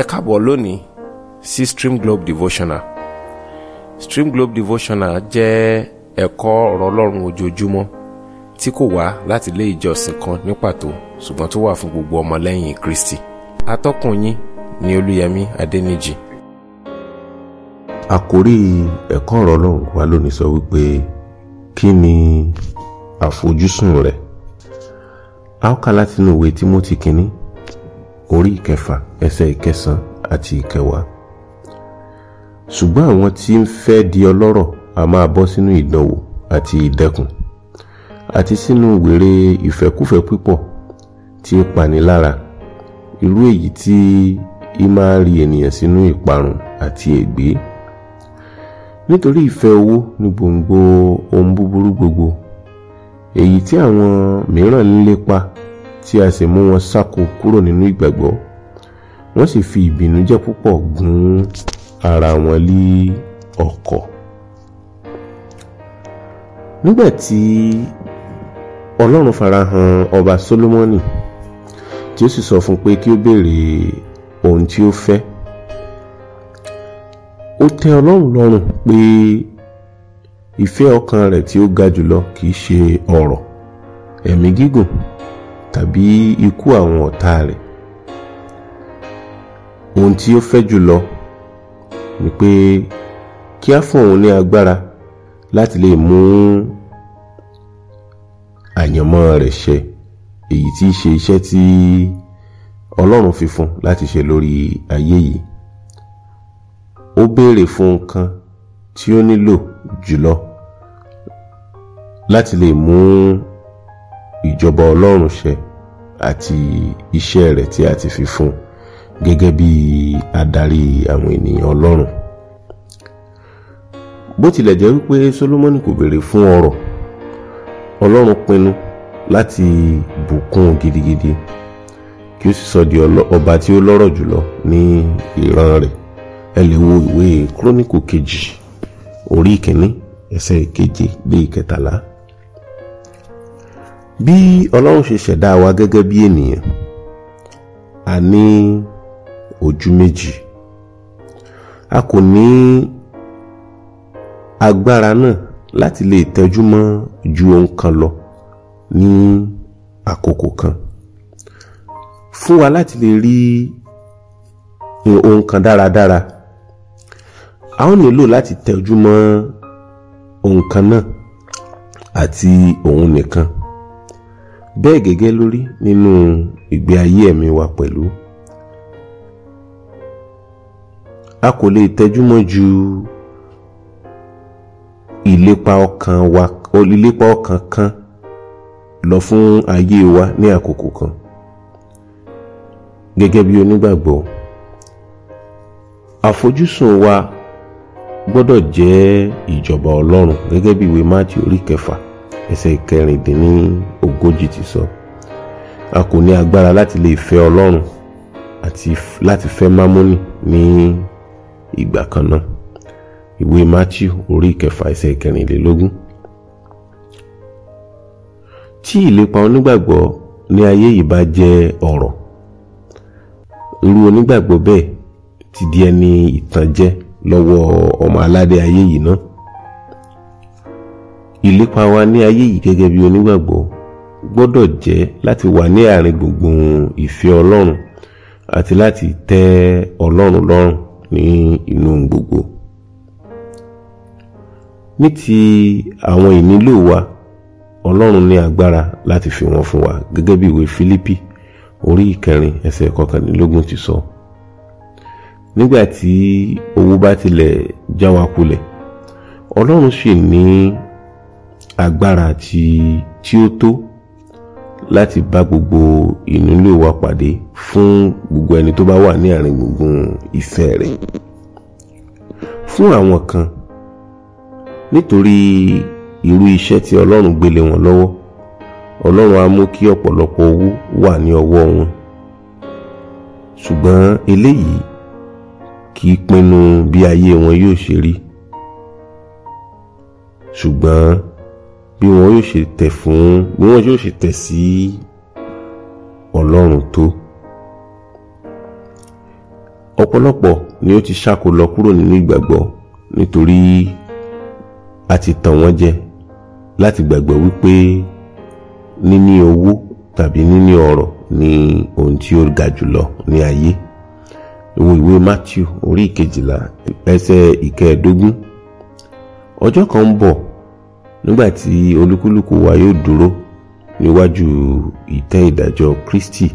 ẹ káàbọ̀ lónìí sí Stream Globe Devotional Stream Globe Devotional jẹ́ ẹ̀kọ́ ọ̀rọ̀ ọlọ́run ojoojúmọ́ tí kò wá láti ilé ìjọsìn kan ní pàtó ṣùgbọ́n tó wà fún gbogbo ọmọlẹ́yìn Kristi atọ́kùn yín ni Olúyẹmí Adẹ́nìjì. àkórí ẹ̀kọ́ ọ̀rọ̀ ọlọ́run wa lónìí sọ wípé kí ni àfojúsùn rẹ̀ a ó kà látinú ìwé Tímótì kínní orí ìkẹfà ẹsẹ̀ ìkẹsàn àti ìkẹwàá ṣùgbọ́n àwọn tí ń fẹ́ di ọlọ́rọ̀ a máa bọ́ sínú ìdánwò àti ìdẹkùn àti sínú wèrè ìfẹ́kúfẹ́ pípọ̀ tí ń pani lára irú èyí tí í máa rí ènìyàn sínú ìparun àti ègbé nítorí ìfẹ́ owó ní gbòǹgbò ohun búburú gbogbo èyí tí àwọn mìíràn ń lépa tí a sì mú wọn ṣáko kúrò nínú ìgbàgbọ́ wọ́n sì fi ìbìnújẹ́ púpọ̀ gún ara wọn lí ọ̀kọ̀ nígbà tí ọlọ́run farahàn ọba solomoni tí ó sì sọ fún pé kí ó béèrè ohun tí ó fẹ́ ó tẹ ọlọ́run lọ́rùn pé ìfẹ́ ọkàn rẹ̀ tí ó ga jùlọ kì í ṣe ọ̀rọ̀ ẹ̀mí gígùn tàbí ikú àwọn ọ̀tá rẹ̀ ohun tí ó fẹ́ jùlọ ni pé kí á fún òun ní agbára láti lè mú àyànmọ́ rẹ̀ ṣẹ èyí tí í ṣe iṣẹ́ tí ọlọ́run fi fún láti ṣe lórí ayé yìí ó béèrè fún nǹkan tí ó nílò jùlọ láti lè mú ìjọba ọlọ́run ṣẹ àti iṣẹ́ rẹ̀ tí a ti fi fún gẹ́gẹ́ bí adarí àwọn ènìyàn ọlọ́run bó tilẹ̀ jẹ́ wípé Solomoni kò béèrè fún ọrọ̀ ọlọ́run pinnu láti bùkún gidigidi kí ó sì sọ di ọba tí ó lọ́rọ̀ jùlọ ní ìran rẹ̀ ẹ lè wo ìwé kírónìkò kejì orí ìkíní ẹsẹ̀ ìkeje dé ìkẹtàlá bí ọlọ́run ṣe ṣẹ̀dá wa gẹ́gẹ́ bí ènìyàn a ní ojú méjì a kò ní agbára náà láti lè tẹ́jú mọ́ ju ohun kan lọ ní àkókò kan fún wa láti lè rí ohun kan dáradára a ó nílò láti tẹ́jú mọ́ ohun kan náà àti òun nìkan bẹ́ẹ̀ gẹ́gẹ́ lórí nínú ìgbé ayé ẹ̀mí wa pẹ̀lú a kò lè tẹjúmọ́ ju ìlépa ọkàn wa ìlépa ọkàn kan lọ fún ayé wa ní àkókò kan gẹ́gẹ́ bí onígbàgbọ́ àfojúsùn wa gbọ́dọ̀ jẹ́ ìjọba ọlọ́run gẹ́gẹ́ bí ìwé Mátíù orí kẹfà ẹsẹ̀ ìkẹrìndínní ogójì ti sọ a kò ní agbára láti lè fẹ́ ọlọ́run àti láti fẹ́ mámónì ní ìgbà kan náà ìwé matthew orí ìkẹfà ẹsẹ̀ ìkẹrìnlélógún tí ìlépa onígbàgbọ́ ní ayé yìí bá jẹ́ ọ̀rọ̀ irú onígbàgbọ́ bẹ́ẹ̀ ti di ẹni ìtànjẹ lọ́wọ́ ọmọ aládé ayé yìí náà ìlépa wa ní ayé yìí gẹ́gẹ́ bí onígbàgbọ́ gbọ́dọ̀ jẹ́ láti wà ní àárín gbùngbùn ìfẹ́ ọlọ́run àti láti tẹ́ ọlọ́run lọ́rùn ní inú gbogbo. ní ti àwọn ìnílò wa ọlọ́run ní agbára láti fi wọ́n fún wa gẹ́gẹ́ bí ìwé Fílípì orí ìkẹrin ẹsẹ̀ kọkànlélógún ti sọ. nígbà tí owó bá tilẹ̀ já wa kulẹ̀ ọlọ́run sì ní. Ni agbára àti tí ó tó láti bá gbogbo ìnílò wa pàdé fún gbogbo ẹni tó bá wà ní àárín gbùngbùn ìfẹ́ rẹ̀ fún àwọn kan nítorí irú iṣẹ́ tí ọlọ́run gbélé wọn lọ́wọ́ ọlọ́run á mú kí ọ̀pọ̀lọpọ̀ owó wà ní ọwọ́ wọn ṣùgbọ́n eléyìí kì í pinnu bí ayé wọn yóò ṣe rí ṣùgbọ́n bí wọn yóò ṣe tẹ̀ fún bí wọn yóò ṣe tẹ̀ sí ọlọ́run tó ọ̀pọ̀lọpọ̀ ni ó ti ṣáko lọ kúrò nínú ìgbàgbọ́ nítorí a ti tàn wọ́n jẹ láti gbàgbọ́ wípé níní owó tàbí níní ọrọ̀ ni ohun tí ó ga jùlọ ní ayé ìwé ìwé Matthew orí ìkejìlá ẹsẹ̀ ìkẹẹ̀ẹ́dógún ọjọ́ kan ń bọ̀ nígbà tí olúkúlùkù wa yóò dúró níwájú ìtẹ́ ìdájọ́ Kristi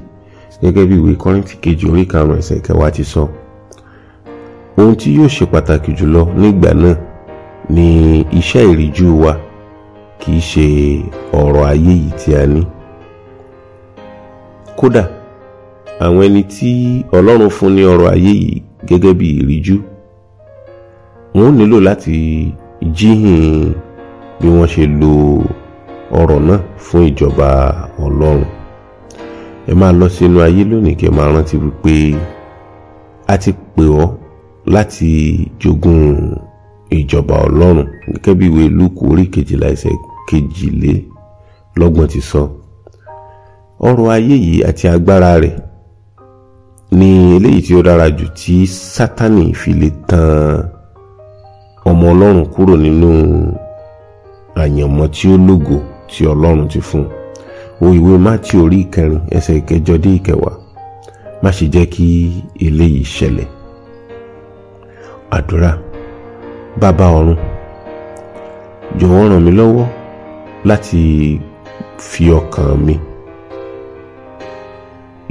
gẹ́gẹ́ bí ìwé Kọ́ríńtì kejì orí karùn-ún ẹsẹ̀ kẹwàá ti sọ ohun tí yóò ṣe pàtàkì jùlọ nígbà náà ni iṣẹ́ ìríjú wa kì í ṣe ọ̀rọ̀ ayé yìí tí a ní kódà àwọn ẹni tí Ọlọ́run fún ní ọrọ̀ ayé yìí gẹ́gẹ́ bí ìríjú wọn ò nílò láti jíhìn bí wọ́n ṣe lo ọ̀rọ̀ náà fún ìjọba ọlọ́run ẹ máa lọ sínú ayé lónìí kí ẹ máa rántí wípé a ti pè ọ́ láti jogún ìjọba ọlọ́run gẹ́gẹ́ bí ìwé lúkù orí kejìlá ẹsẹ̀ kejìlélọ́gbọ̀n ti sọ ọrọ̀ ayé yìí àti agbára rẹ̀ ni eléyìí tí ó dára jù tí sátani fi lè tan ọmọ ọlọ́run kúrò nínú. No àyànmọ́ tí ó lógo tí ọlọ́run ti fún un wo ìwé mátí orí ìkẹrin ẹsẹ̀ ìkẹjọ dé ìkẹwàá má ṣe jẹ́ kí eléyìí ṣẹlẹ̀ àdúrà bàbá ọ̀run jọ̀wọ́ ràn mí lọ́wọ́ láti fi ọkàn mi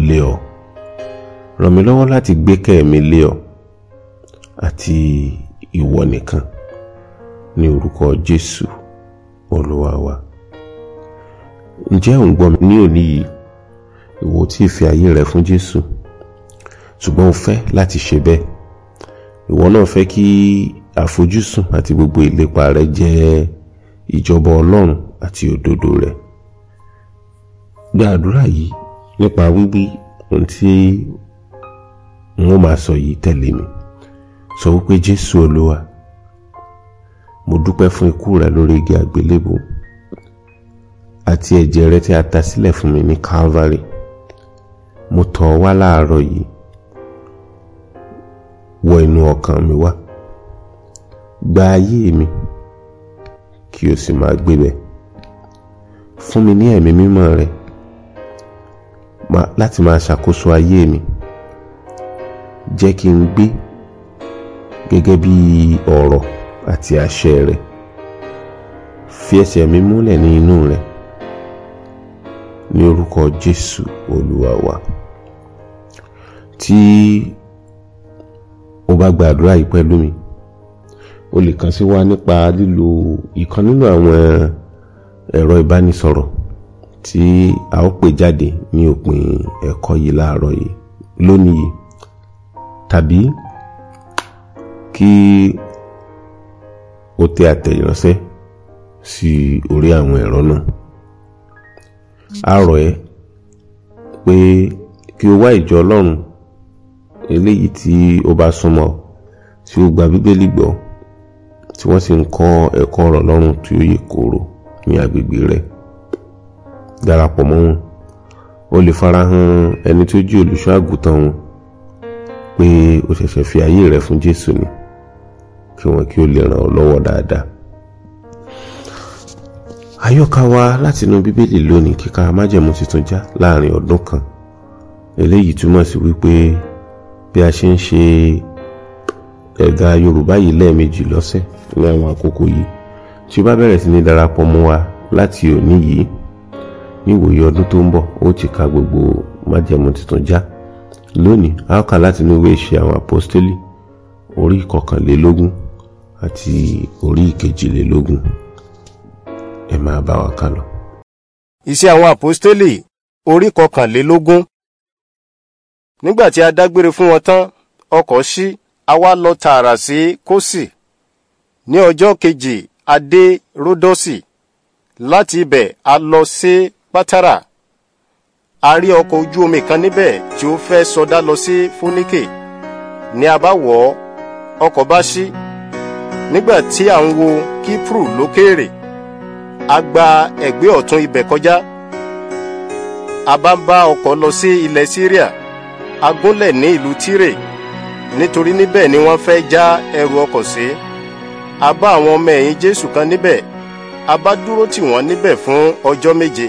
lé ọ ràn mí lọ́wọ́ láti gbẹ́kẹ̀ mi lé ọ àti ìwọ nìkan ní orúkọ Jésù olúwa wa ǹjẹ́ ò ń gbọ́ mi ní òní yìí ìwọ tí ì fi ayé rẹ fún jésù ṣùgbọ́n o fẹ́ láti ṣe bẹ́ẹ̀ ìwọ náà fẹ́ kí àfojúsùn àti gbogbo ìlépa rẹ jẹ́ ìjọba ọlọ́run àti òdodo rẹ gba àdúrà yìí nípa wíwí ohun tí n ó máa sọ yìí tẹ̀lé mi sọ wípé jésù olúwa mo dúpẹ́ fún ikú rẹ lórí igi àgbélébù àti ẹ̀jẹ̀ rẹ tí a ta sílẹ̀ fún mi ní Calvary mo tọ̀ ọ́ wá láàárọ̀ yìí wọ inú ọkàn mi wá gba ayé mi kí o sì máa gbébẹ̀ fún mi ní ẹ̀mí mímọ́ rẹ láti máa ṣàkóso ayé mi jẹ́ kí n gbé gẹ́gẹ́ bí ọ̀rọ̀ àti àṣẹ rẹ̀ fi ẹsẹ̀ mi múlẹ̀ ní inú rẹ̀ ní orúkọ Jésù Olúwa wa tí o bá gba àdúrà yìí pẹ̀lú mi o lè kàn sí wa nípa lílo ìkan nínú àwọn ẹ̀rọ ìbánisọ̀rọ̀ tí a ó pè jáde ní òpin ẹ̀kọ́ yìí láàárọ̀ yìí lónìí yìí tàbí kí ó tẹ àtẹ̀yìnránṣẹ́ sí orí àwọn ẹ̀rọ náà a rọ̀ ẹ́ pé kí o wá ìjọ ọlọ́run eléyìí tí ó bá súnmọ́ ọ tí ó gba bíbélì gbọ́ tí wọ́n sì ń kọ́ ẹ̀kọ́ ọ̀rọ̀ ọlọ́run tí ó yè kooro ní agbègbè rẹ̀ darapọ̀ mọ́ wọn o lè farahàn ẹni tó jí olùṣọ́ àgùntàn wọn pé o ṣẹ̀ṣẹ̀ fi ayé rẹ fún jésù ni kí wọn kí ó lè ràn ọ́ lọ́wọ́ dáadáa. àyọkà wa látinú bíbélì lónìí kíka májẹ̀mú tuntun já láàrin ọdún kan eléyìí túmọ̀ sí wípé bí a ṣe ń ṣe ẹ̀dà yorùbá yìí lẹ́ẹ̀mejì lọ́sẹ̀ ní àwọn àkókò yìí tí o bá bẹ̀rẹ̀ sí ní darapọ̀ mọ́ wa láti òní yìí ní ìwòye ọdún tó ń bọ̀ ó ti ka gbogbo májẹ̀mú tuntun já lónìí a ó kà látinú ìwé ìṣe àwọn àpọ́stélì orí kọkànlélógún. àti orí ìkejìlélógún ẹ máa bá wa kálọ. Iṣẹ́ àwọn àpọ́stélì orí kọkànlélógún nígbà tí a dágbére fún wọn tán ọkọ̀ ṣí a wá lọ tààrà sí kósì ní ọjọ́ kejì a dé ródọ́sì láti ibẹ̀ a lọ sí pátárà a rí ọkọ̀ ojú omi kan níbẹ̀ tí ó fẹ́ sọdá lọ sí fúnikè ni a bá wọ̀ ọ́ ọkọ̀ bá ṣí. Si nígbà tí à ń wo Kíprù lókèèrè a gba ẹ̀gbẹ́ ọ̀tún ibẹ̀ kọjá a bá ń bá ọkọ̀ lọ sí ilẹ̀ Síríà a gúnlẹ̀ ní ìlú Tírè nítorí níbẹ̀ ni wọ́n fẹ́ já ẹrù ọkọ̀ sí a bá àwọn ọmọ ẹ̀yìn Jésù kan níbẹ̀ a bá dúró tì wọ́n níbẹ̀ fún ọjọ́ méje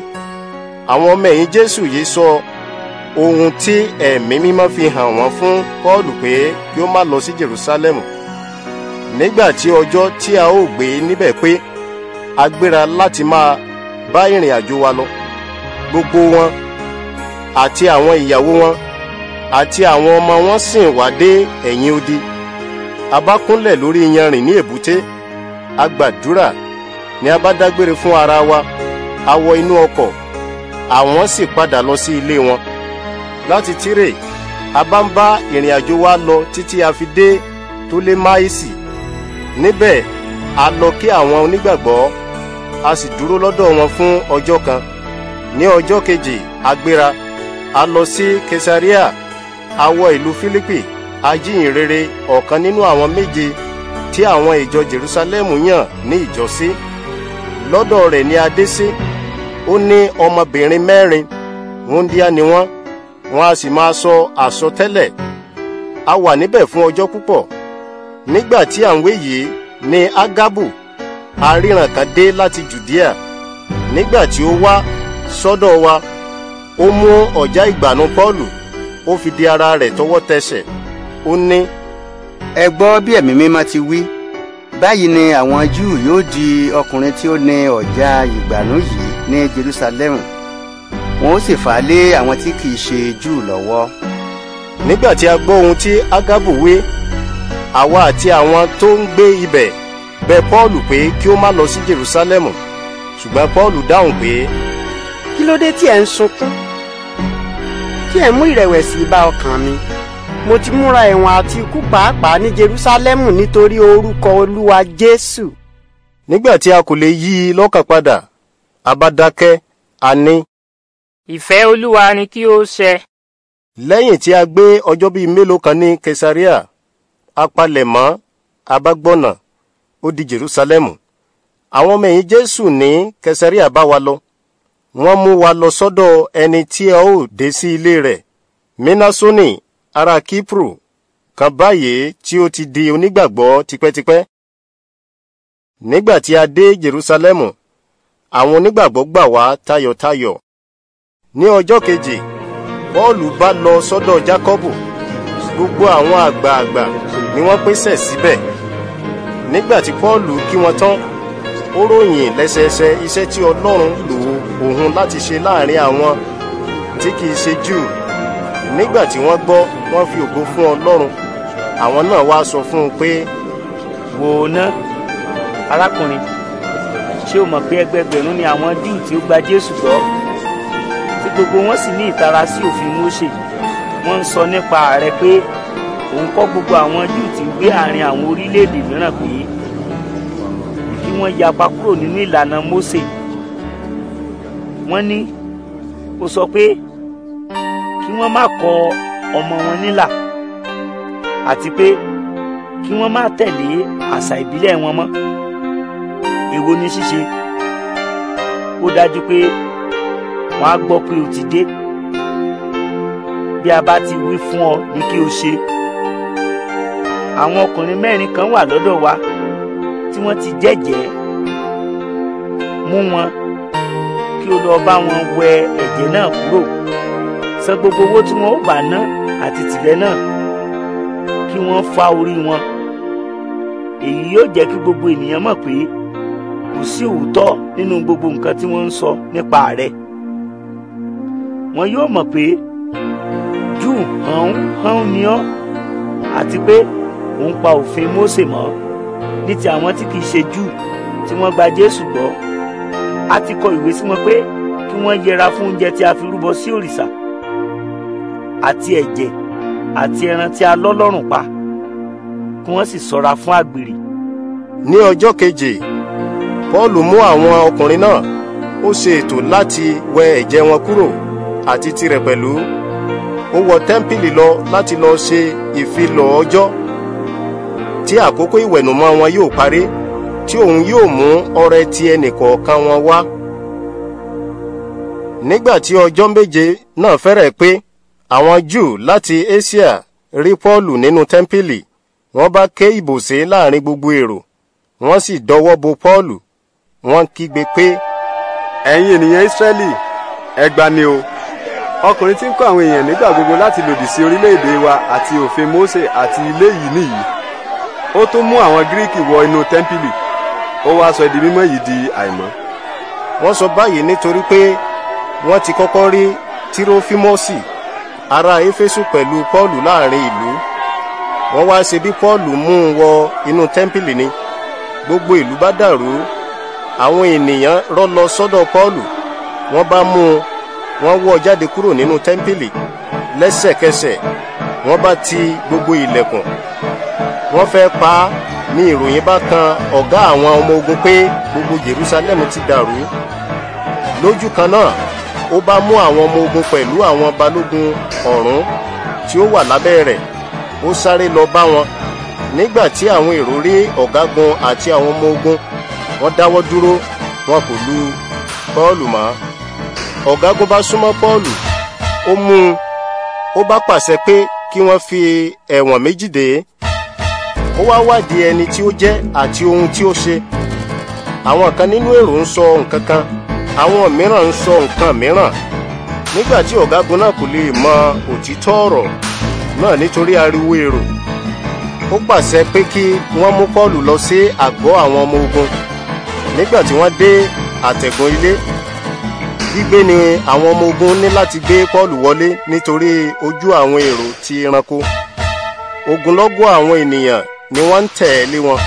àwọn ọmọ ẹ̀yìn Jésù yìí sọ ohun tí ẹ̀mí mímọ́ fi hàn wọ́n fún Pọ́ọ̀lù pé kí ó má lọ sí Jerúsálẹ́mù nígbà tí ọjọ́ tí a ó gbé níbẹ̀ pé a gbéra láti máa bá ìrìn àjò wa lọ gbogbo wọn àti àwọn ìyàwó wọn àti àwọn ọmọ wọn sìn wá dé ẹ̀yìn odi a lórí iyanrìn ní èbúté a ni a bá dágbére fún ara wa a wọ inú ọkọ̀ àwọn sì padà lọ sí ilé wọn láti Tírè a bá ń bá ìrìn àjò wa lọ títí a fi dé Tólẹ́máìsì níbẹ̀ a lọ kí àwọn onígbàgbọ́ a sì dúró lọ́dọ̀ wọn fún ọjọ́ kan ní ọjọ́ kejì a gbéra a lọ sí kesaria a wọ ìlú Fílípì rere, ọ̀kan nínú àwọn méje tí àwọn ìjọ Jerúsálẹ́mù yàn ní ìjọsí lọ́dọ̀ rẹ̀ ni a dé sí ó ní ọmọbìnrin mẹ́rin wúndíá ni wọ́n wọ́n a sì máa sọ àsọtẹ́lẹ̀ a wà níbẹ̀ fún ọjọ́ púpọ̀ nígbà tí à ń wé yìí ni agabu aríran kan dé láti judea nígbà tí ó wá sọ́dọ̀ wa ó mú ọ̀já ìgbànú pọ́ọ̀lù ó fi di ara rẹ̀ tọwọ́ tẹsẹ̀ ó ní. ẹ gbọ́ bí ẹ̀mí mímọ́ ti wí báyìí ni àwọn júù yóò di ọkùnrin tí ó ní ọ̀já ìgbànú yìí ní jerusalem wọn ó sì fà á lé àwọn tí kì í ṣe júù lọ́wọ́. nígbà tí a gbọ́ ohun tí agabu wí àwa àti àwọn tó ń gbé ibẹ̀ bẹ Pọ́ọ̀lù pé kí ó má lọ sí Jerúsálẹ́mù ṣùgbọ́n Pọ́ọ̀lù dáhùn pé. kí ló dé tí ẹ ń sunkún tí ẹ mú ìrẹ̀wẹ̀sì bá ọkàn mi mo ti múra ẹ̀wọ̀n àti ikú pàápàá ní Jerúsálẹ́mù nítorí orúkọ Olúwa Jésù. nígbà tí a kò lè yí i lọ́kàn padà a bá dákẹ́ a ní. ìfẹ́ Olúwa ni kí ó ṣẹ. lẹ́yìn tí a gbé ọjọ́ bíi mélòó kan ní Kesaria apalẹ̀mọ́ abágbọ́nà ó di jerusalemu àwọn ọmọ ẹ̀yìn jésù ní kẹsàríà bá wa lọ wọ́n mú wa lọ sọ́dọ̀ ẹni tí a ó dé sí ilé rẹ̀ mínásónì ará kíprù kan báyìí tí ó ti di onígbàgbọ́ tipẹ́tipẹ́ nígbà tí a dé jerusalemu àwọn onígbàgbọ́ gbà wá tayọ̀tayọ̀ ní ọjọ́ kejì pọ́ọ̀lù bá lọ sọ́dọ̀ jákọ́bù gbogbo àwọn àgbààgbà ni wọ́n pèsè síbẹ̀ nígbà tí pọ́ọ̀lù kí wọ́n tán ó ròyìn lẹ́sẹẹsẹ iṣẹ́ tí ọlọ́run lò òun láti ṣe láàrin àwọn tí kìí ṣe júù nígbà tí wọ́n gbọ́ wọ́n fi ògo fún ọlọ́run àwọn náà wá sọ fún un pé. wò ó ná arákùnrin ṣé o mọ̀ pé ẹgbẹẹgbẹ̀rún ni àwọn júù tí ó gba jésù gbọ́ tí gbogbo wọn sì ní ìtara sí òfin mósè yìí wọ́n ń sọ nípa rẹ̀ pé òun kọ́ gbogbo àwọn júù tí ń gbé àárín àwọn orílẹ̀-èdè mìíràn pé kí wọ́n yapa kúrò nínú ìlànà Mósè wọ́n ní ó sọ pé kí wọ́n má kọ ọmọ wọn nílà àti pé kí wọ́n má tẹ̀lé àṣà ìbílẹ̀ wọn mọ́ èwo ni ṣíṣe ó dájú pé wọ́n á gbọ́ pé o ti dé bí a bá ti wí fún ọ ni kí o ṣe àwọn ọkùnrin mẹ́rin kan wà lọ́dọ̀ wa tí wọ́n ti jẹ́jẹ́ mú wọn kí o lọ bá wọn wẹ ẹ̀jẹ̀ náà kúrò san gbogbo owó tí wọn ó bá ná àti tìrẹ náà kí wọ́n fa orí wọn èyí yóò jẹ́ kí gbogbo ènìyàn mọ̀ pé kò sí òótọ́ nínú gbogbo nǹkan tí wọ́n ń sọ nípa rẹ̀ wọ́n yóò mọ̀ pé ẹlẹ́rù hàn-án ni ọ́ àti pé ò ń pa òfin Mósè mọ́ ní ti àwọn tí kìí ṣe Júù tí wọ́n gba Jésù gbọ́ a ti kọ ìwé sí wọn pé kí wọ́n yẹra fún oúnjẹ tí a fi rúbọ sí òrìṣà àti ẹ̀jẹ̀ àti ẹran tí a lọ́ lọ́rùn pa kí wọ́n sì ṣọ́ra fún àgbèrè. ní ọjọ́ keje Paul mú àwọn ọkùnrin náà ó ṣe ètò láti wẹ ẹ̀jẹ̀ wọn kúrò àti tirẹ̀ pẹ̀lú ó wọ tẹ́ḿpìlì lọ láti lọ ṣe ìfilọ̀ ọjọ́ tí àkókò ìwẹ̀nùmọ́ wọn yóò parí tí òun yóò mú ọrẹ ti ẹnìkọ̀ọ̀kan wọn wá. nígbà tí ọjọ́ méje náà fẹ́rẹ̀ pé àwọn Júù láti Asia rí Pọ́ọ̀lù nínú tẹ́ḿpìlì wọ́n bá ké ìbòsí láàrin gbogbo èrò wọ́n sì dọwọ́ bo Pọ́ọ̀lù wọ́n kígbe pé. ẹ̀yin ènìyàn Ísírẹ́lì ẹ gbani o ọkùnrin tí ń kọ́ àwọn èèyàn nígbà gbogbo láti lòdì sí orílẹ̀-èdè wa àti òfin Mósè àti ilé yìí nìyí ó tún mú àwọn gíríkì wọ inú tẹ́ḿpìlì ó wá sọ di mímọ́ yìí di àìmọ́. wọ́n sọ báyìí nítorí pé wọ́n ti kọ́kọ́ rí tirofimosi ará éfésù pẹ̀lú pọ́ọ̀lù láàrin ìlú wọ́n wá ṣe bí pọ́ọ̀lù mú un wọ inú tẹ́ḿpìlì ni gbogbo ìlú bá dàrú àwọn ènìyàn rọ́ lọ sọ́dọ̀ pọ́ọ̀lù wọ́n bá mú un wọ́n wọ́ jáde kúrò nínú tẹ́ḿpìlì lẹ́sẹ̀kẹsẹ̀ wọ́n bá ti gbogbo ilẹ̀kùn wọ́n fẹ́ pa á ní ìròyìn bá kan ọ̀gá àwọn ọmọ ogun pé gbogbo Jerusalem ti dàrú lójú kan náà ó bá mú àwọn ọmọ ogun pẹ̀lú àwọn balógun ọ̀rún tí ó wà lábẹ́ rẹ̀ ó sáré lọ bá wọn nígbà tí àwọn èrò rí ọ̀gágun àti àwọn ọmọ ogun wọ́n dáwọ́ dúró wọn kò lu Pọ́ọ̀lù mọ́ ọ̀gágun bá súnmọ́ Pọ́ọ̀lù ó mú un ó bá pàṣẹ pé kí wọ́n fi ẹ̀wọ̀n méjì dè é ó wá wádìí ẹni tí ó jẹ́ àti ohun tí ó ṣe àwọn kan nínú èrò ń sọ nǹkan kan àwọn mìíràn ń sọ nǹkan mìíràn nígbà tí ọ̀gágun náà kò lè mọ òtítọ́ ọ̀rọ̀ náà nítorí ariwo èrò ó pàṣẹ pé kí wọ́n mú Pọ́ọ̀lù lọ sí àgọ́ àwọn ọmọ ogun nígbà tí wọ́n dé àtẹ̀gùn ilé gbígbé ni àwọn ọmọ ogun ní láti gbé Pọ́ọ̀lù wọlé nítorí ojú àwọn èrò ti ẹranko ogunlọ́gọ̀ àwọn ènìyàn ni wọ́n ń tẹ̀lé wọn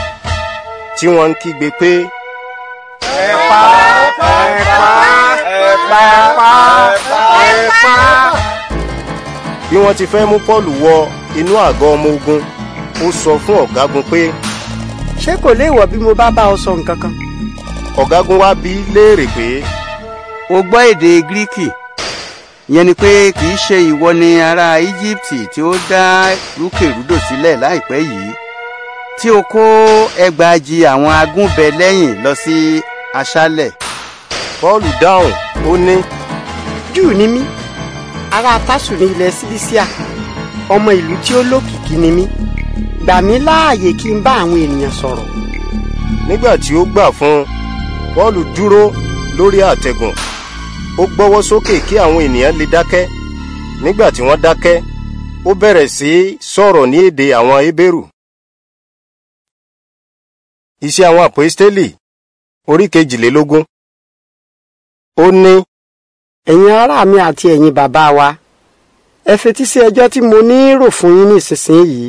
tí wọ́n ń kígbe pé. ẹ pa ẹ pa ẹ bí wọ́n ti fẹ́ mú Pọ́ọ̀lù wọ inú àgọ́ ọmọ ogun ó sọ fún ọ̀gágun pé. ṣé kò léèwọ̀ bí mo bá bá ọ sọ nǹkan kan. ọ̀gágun wá bi léèrè pé ó gbọ́ èdè gíríkì ìyẹn ni pé kì í ṣe ìwọ ni ará íjíbítì tí ó dá rúkèrúdò sílẹ̀ láìpẹ́ yìí tí o kó ẹgbàajì àwọn agúnbẹ lẹ́yìn lọ sí aṣálẹ̀. paul dáhùn ó ní. júù ni mí ará tásù ní ilẹ̀ sílísíà ọmọ ìlú tí ó lókìkí ni mí gbà mí láàyè kí n bá àwọn ènìyàn sọ̀rọ̀. nígbà tí ó gbà fún un paul dúró lórí àtẹ̀gùn ó gbọ́wọ́ sókè kí àwọn ènìyàn lè dákẹ́ nígbà tí wọ́n dákẹ́ ó bẹ̀rẹ̀ sí í sọ̀rọ̀ ní èdè àwọn Hébérù. Iṣẹ́ àwọn àpòistélì orí kejìlélógún. ó ní. ẹ̀yin ará mi àti ẹ̀yin bàbá wa ẹ fetí sí ẹjọ́ tí mo ní rò fún yín nísinsìnyí.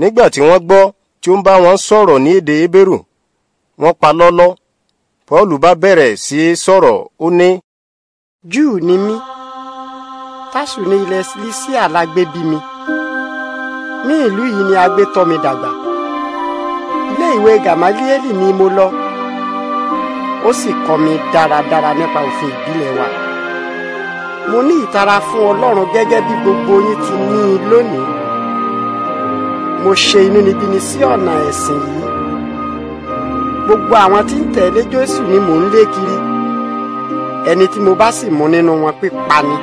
nígbà tí wọ́n gbọ́ tí ó ń bá wọn sọ̀rọ̀ ní èdè Hébérù wọ́n pa lọ́lọ́ Pọ́ọ̀lù bá bẹ̀rẹ̀ sí í sọ̀rọ̀ ó ní júù ni mí tásù ní ilẹ̀ silisia la gbé bí mi ní ìlú yìí ni a gbé tọ́ mi dàgbà ilé ìwé gàmálíélì ni mo lọ ó sì kọ́ mi dáradára nípa òfin ìbílẹ̀ wa mo ní ìtara fún ọlọ́run gẹ́gẹ́ bí gbogbo yín ti ní i lónìí mo ṣe inúnibíni sí ọ̀nà ẹ̀sìn yìí gbogbo àwọn tí ń tẹ̀lé Jésù ni mò ń lé kiri ẹni tí mo bá sì mú nínú wọn pípa ni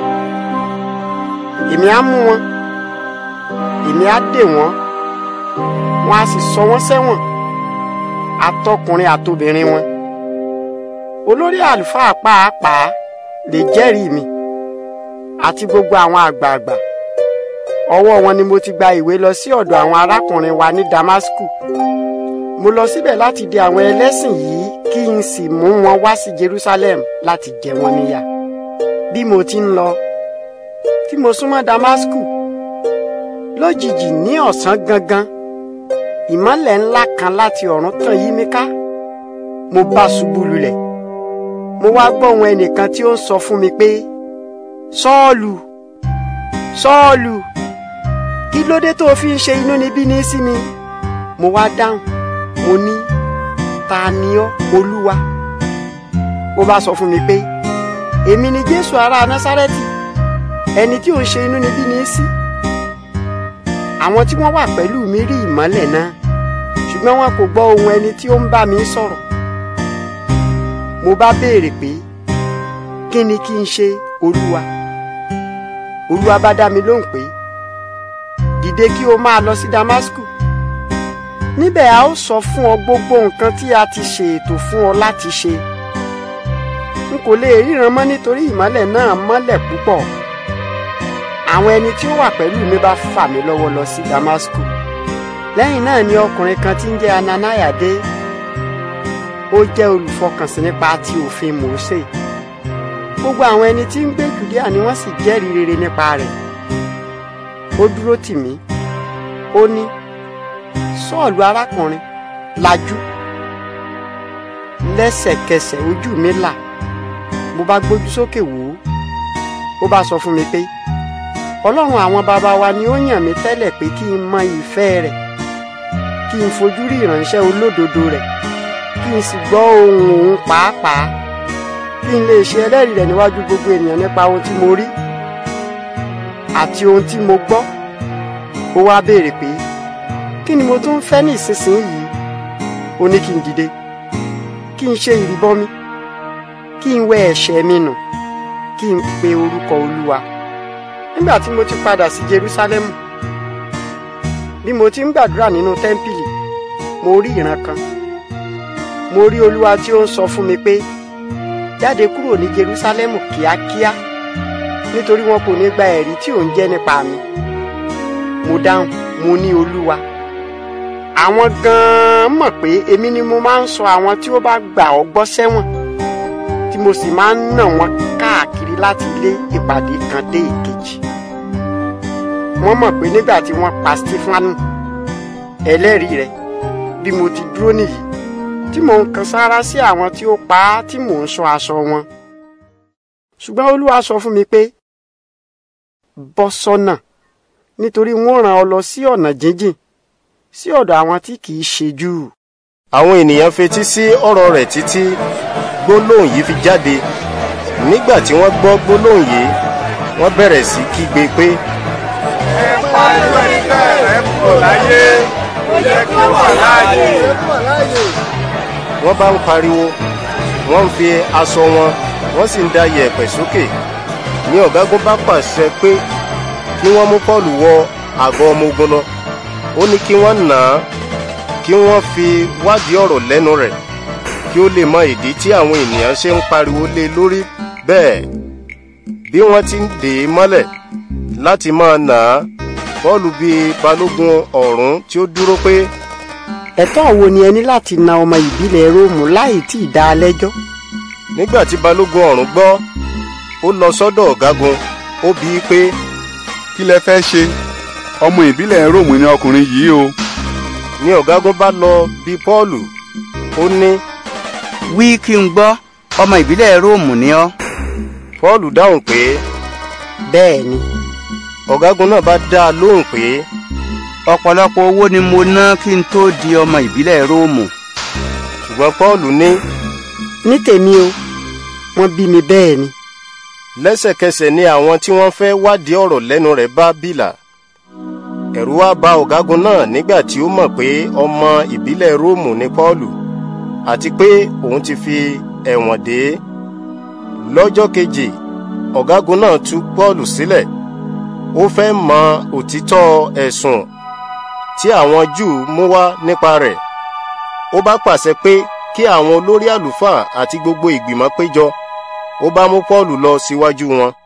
èmi á mú wọn èmi á dè wọn wọn á sì sọ wọn sẹ́wọ̀n àtọkùnrin àtobìnrin wọn olórí àlùfáà pàápàá lè jẹ́rìí mi àti gbogbo àwọn àgbààgbà ọwọ́ wọn ni mo ti gba ìwé lọ sí ọ̀dọ̀ àwọn arákùnrin wa ní Damasku mo lọ síbẹ̀ láti dè àwọn ẹlẹ́sìn yìí kí n sì mú wọn wá sí Jerusalem láti jẹ wọn níyà bí mo ti ń lọ tí mo súnmọ́ Damasku lójijì ní ọ̀sán gangan ìmọ́lẹ̀ ńlá kan láti ọ̀run tàn yí mi ká mo bá ṣubú lulẹ̀ mo wá gbọ́ ohùn ẹnìkan tí ó ń sọ fún mi pé sọ́ọ̀lù sọ́ọ̀lù kí ló dé tó o fi ń ṣe inúnibíni sí mi mo wá dáhùn mo ní ta ni ọ́ olúwa ó bá sọ fún mi pé èmi ni jésù ará násárẹ́tì ẹni tí ò ń ṣe inúnibíni sí àwọn tí wọ́n wà pẹ̀lú mi rí ìmọ́lẹ̀ náà ṣùgbọ́n wọn kò gbọ́ ohùn ẹni tí ó ń bá mi sọ̀rọ̀ mo bá béèrè pé kí ni kí n ṣe olúwa olúwa bá dá mi lóhùn pé dìde kí o máa lọ sí damasku níbẹ̀ a ó sọ fún ọ gbogbo nǹkan tí a ti ṣètò fún ọ láti ṣe n kò lè ríran mọ́ nítorí ìmọ́lẹ̀ náà mọ́lẹ̀ púpọ̀ àwọn ẹni tí ó wà pẹ̀lú mi bá fà mí lọ́wọ́ lọ sí Damasku lẹ́yìn náà ni ọkùnrin kan tí ń jẹ́ Ananaya dé ó jẹ́ olùfọkànsìn nípa ti òfin Mósè gbogbo àwọn ẹni tí ń gbé Jùdíà ni wọ́n sì jẹ́rìí rere nípa rẹ̀ ó dúró tì mí ó ní sọ́ọ̀lù arákùnrin lajú lẹ́sẹ̀kẹsẹ̀ ojú mi là mo bá gbójú sókè wò ó ó bá sọ fún mi pé ọlọ́run àwọn bàbá wa ni ó yàn mí tẹ́lẹ̀ pé kí n mọ ìfẹ́ rẹ̀ kí n fojú rí ìránṣẹ́ olódodo rẹ̀ kí n sì gbọ́ ohùn òun pàápàá kí n lè ṣe ẹlẹ́rìí rẹ̀ níwájú gbogbo ènìyàn nípa ohun tí mo rí àti ohun tí mo gbọ́ ó wá béèrè pé kí ni mo tún ń fẹ́ ní ìsinsìnyí yìí ó ní kí n dìde kí n ṣe ìrìbọmi kí n wẹ ẹ̀ṣẹ̀ mi nù kí n pe orúkọ olúwa nígbà tí mo ti padà sí Jerúsálẹ́mù bí mo ti ń gbàdúrà nínú tẹ́ḿpìlì mo rí ìran kan mo rí olúwa tí ó ń sọ fún mi pé jáde kúrò ní Jerúsálẹ́mù kíákíá nítorí wọn kò ní gba ẹ̀rí tí ò ń jẹ́ nípa mi mo dáhùn mo ní olúwa àwọn gan-an mọ̀ pé èmi ni mo máa ń sọ àwọn tí ó bá gbà ọ́ gbọ́ sẹ́wọ̀n tí mo sì máa ń nà wọ́n káàkiri láti ilé ìpàdé kan dé ìkejì wọ́n mọ̀ pé nígbà tí wọ́n pa Stefanu ẹlẹ́rìí rẹ̀ bí mo ti dúró nìyí tí mò ń kan sára sí àwọn tí ó pa á tí mò ń sọ aṣọ wọn ṣùgbọ́n Olúwa sọ fún mi pé bọ́ sọ́nà nítorí wọ́n rán ọ lọ sí ọ̀nà jíjìn sí ọ̀dọ̀ àwọn tí kìí ṣe Júù. àwọn ènìyàn fetí sí ọ̀rọ̀ rẹ̀ títí gbólóhùn yìí fi jáde nígbà tí wọ́n gbọ́ gbólóhùn yìí wọ́n bẹ̀rẹ̀ sí kígbe pé. ẹ pa irú ẹgbẹ́ rẹ̀ kúrò láyé ó yẹ kí ó wà láàyè. wọ́n bá ń pariwo wọ́n ń fi aṣọ wọn wọ́n sì ń da yẹ̀pẹ̀ sókè ni ọ̀gágun bá pàṣẹ pé kí wọ́n mú Pọ́ọ̀lù wọ àgọ́ ọmọ ogun lọ ó ní kí wọ́n nà á kí wọ́n fi wádìí ọ̀rọ̀ lẹ́nu rẹ̀ kí ó lè mọ ìdí tí àwọn ènìyàn ṣe ń pariwo lé e lórí bẹ́ẹ̀ bí wọ́n ti ń dè é mọ́lẹ̀ láti máa nà á Pọ́ọ̀lù bi balógun ọ̀rún tí ó dúró pé. ẹ̀tọ́ wo ni ẹ ní láti na ọmọ ìbílẹ̀ Róòmù láì tí ì dá a lẹ́jọ́. nígbà tí balógun ọ̀rún gbọ́ ó lọ sọ́dọ̀ ọ̀gágun ó bi í pé. kí lẹ fẹ́ ṣe ọmọ ìbílẹ̀ róòmù ni ọkùnrin yìí o. ni ọ̀gágun bá lọ bí pọ́ọ̀lù ó ní. wí kí n gbọ́ ọmọ ìbílẹ̀ róòmù ni ọ́. pọ́ọ̀lù dáhùn pé. bẹ́ẹ̀ ni. ọ̀gágun náà bá dá a lóhùn pé. ọ̀pọ̀lọpọ̀ owó ni mo ná kí n tó di ọmọ ìbílẹ̀ róòmù. ṣùgbọ́n pọ́ọ̀lù ní. ní tèmi o wọ́n bí mi bẹ́ẹ̀ ni. lẹ́sẹ̀kẹsẹ̀ ni àwọn tí wọ́n fẹ́ wádìí ọ̀rọ̀ lẹ́nu rẹ̀ bá bìlà ẹ̀rù wá ba ọ̀gágun náà nígbà tí ó mọ̀ pé ọmọ ìbílẹ̀ róòmù ni pọ́ọ̀lù àti pé òun ti fi ẹ̀wọ̀n dé lọ́jọ́ kejì ọ̀gágun náà tú pọ́ọ̀lù sílẹ̀ ó fẹ́ mọ òtítọ́ ẹ̀sùn tí àwọn júù mú wá nípa rẹ̀ ó bá pàṣẹ pé kí àwọn olórí àlùfáà àti gbogbo ìgbìmọ̀ péjọ ó bá mú pọ́ọ̀lù lọ síwájú wọn. Si